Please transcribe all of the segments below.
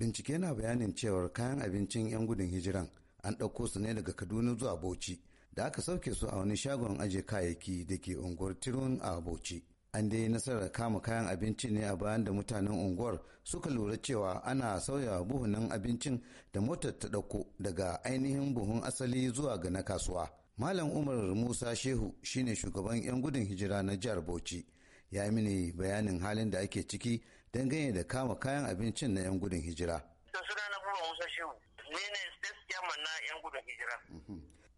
bincike na bayanin cewar kayan abincin 'yan gudun hijiran an ɗauko su ne daga kaduna zuwa bauchi da aka sauke su a wani shagon ajiye kayayyaki da ke unguwar tirun a bauchi an dai nasarar kama kayan abinci ne a bayan da mutanen unguwar suka lura cewa ana sauya buhunan abincin da motar ta ɗauko daga ainihin buhun asali zuwa ga na kasuwa malam umar musa shehu shine shugaban 'yan gudun hijira na jihar bauchi ya yi mini bayanin halin da ake ciki dangane da kama kayan abincin na 'yan gudun hijira. suna na buwa musa shehu ne ne state chairman na 'yan gudun hijira.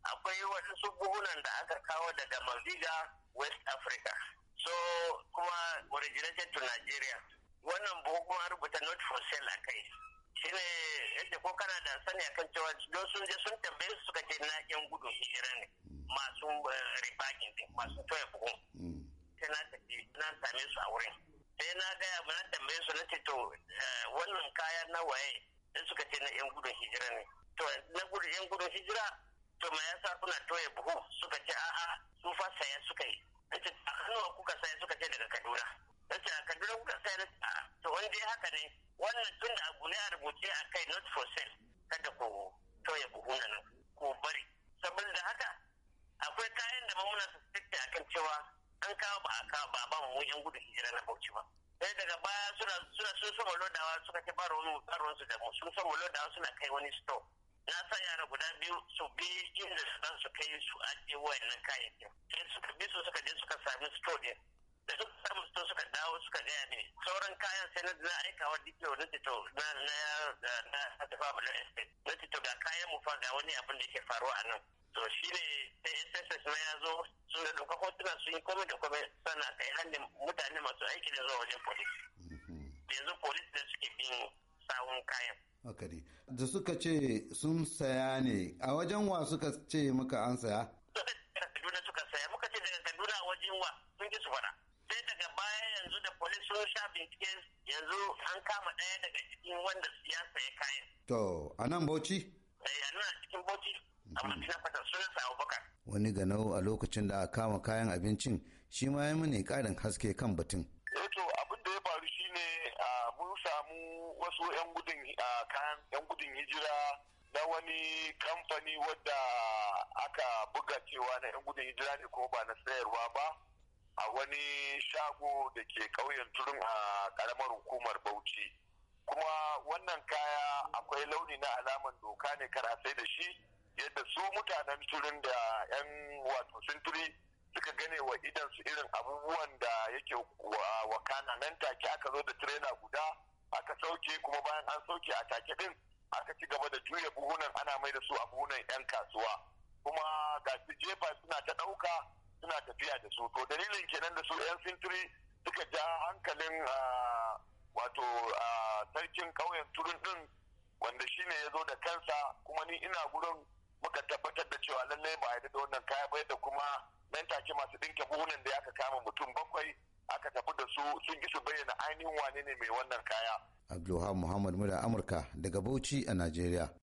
Akwai wasu buhunan da aka kawo daga Maldiga West Africa. So kuma originated to Nigeria. Wannan buhu kuma rubuta not for sale a kai. shine yadda ko kana da sani akan cewa don sun je sun tambaye su suka ce na yan gudun hijira ne masu eh, ribakin masu mutane su a wurin sai na gaya ba na tambaye su na ce to eh, wannan kaya na waye sai suka ce na yan gudun hijira ne to na gudun yan gudun hijira to ma yasa kuna toye buhu suka ce a'a su fa saya suka yi nace a hannuwa kuka saya suka ce daga kaduna nace a kaduna kuka saya na to wanda ya haka ne wannan tun da abu ne a rubuce a kai not for sale kada ko toye buhu na nan ku bari saboda haka akwai kayan da mamuna su a kan cewa an kawo ba a kawo ba ba mu wajen gudun hijira na bauchi ba sai daga baya suna suna sun sama lodawa suka ce ba ruwan ruwan su da mu sun sama lodawa suna kai wani store na sa yara guda biyu su bi inda su su kai su ajiye wayannan kayayyakin sai suka bi su suka je suka sami store din da suka samu store suka dawo suka gaya ne sauran kayan sai na za aika wa dikyo na tito na na na na tafa na estate na tito ga kayan mu fa ga wani abin da yake faruwa a nan to shi ne sss na ya zo sun da ɗauka hotuna sun yi komai da komai sana kai hannun mutane masu aiki da zuwa wajen polis yanzu polis da suke bin sawun kayan haka da suka ce sun saya ne a wajen wa suka ce maka an saya kaduna suka saya muka ce daga kaduna wajen wa sun ji su fara sai daga baya yanzu da polis sun sha bincike yanzu an kama ɗaya daga cikin wanda ya saya kayan to a nan bauchi eh, a nan cikin bauchi abin da wani ganau a lokacin da kama kayan abincin shi ma ya mune karin haske kan batun eh to abin da ya faru shine mun samu wasu yan gudun kayan yan gudun hijira na wani kamfani wadda aka buga cewa na yan gudun hijira ne ko ba na sayarwa ba a wani shago da ke ƙauyen turin a ƙaramar hukumar bauchi kuma wannan kaya akwai launi na alaman doka ne karasai da shi yadda su mutanen turin da 'yan wato sintiri suka gane wa idan su irin abubuwan da yake wakana nan take aka zo da tirela guda aka sauke kuma bayan an sauke a take din aka ci gaba da juya buhunan ana mai da su a buhunan 'yan kasuwa kuma ga su jefa suna ta ɗauka suna tafiya da su to dalilin kenan da su 'yan sintiri suka ja hankalin wato sarkin ƙauyen turin din wanda shine ya zo da kansa kuma ni ina gurin muka tabbatar da cewa lallai ba a yi da wannan kaya ba yadda kuma nan take masu ɗinke buhunan da aka kama mutum bakwai aka tafi da su sun ki su bayyana ainihin wane ne mai wannan kaya. Abdulhamu Muhammad Mura Amurka daga Bauchi a Najeriya.